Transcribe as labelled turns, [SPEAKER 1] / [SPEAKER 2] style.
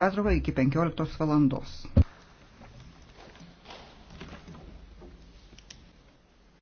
[SPEAKER 1] pertrauką iki 15 valandos.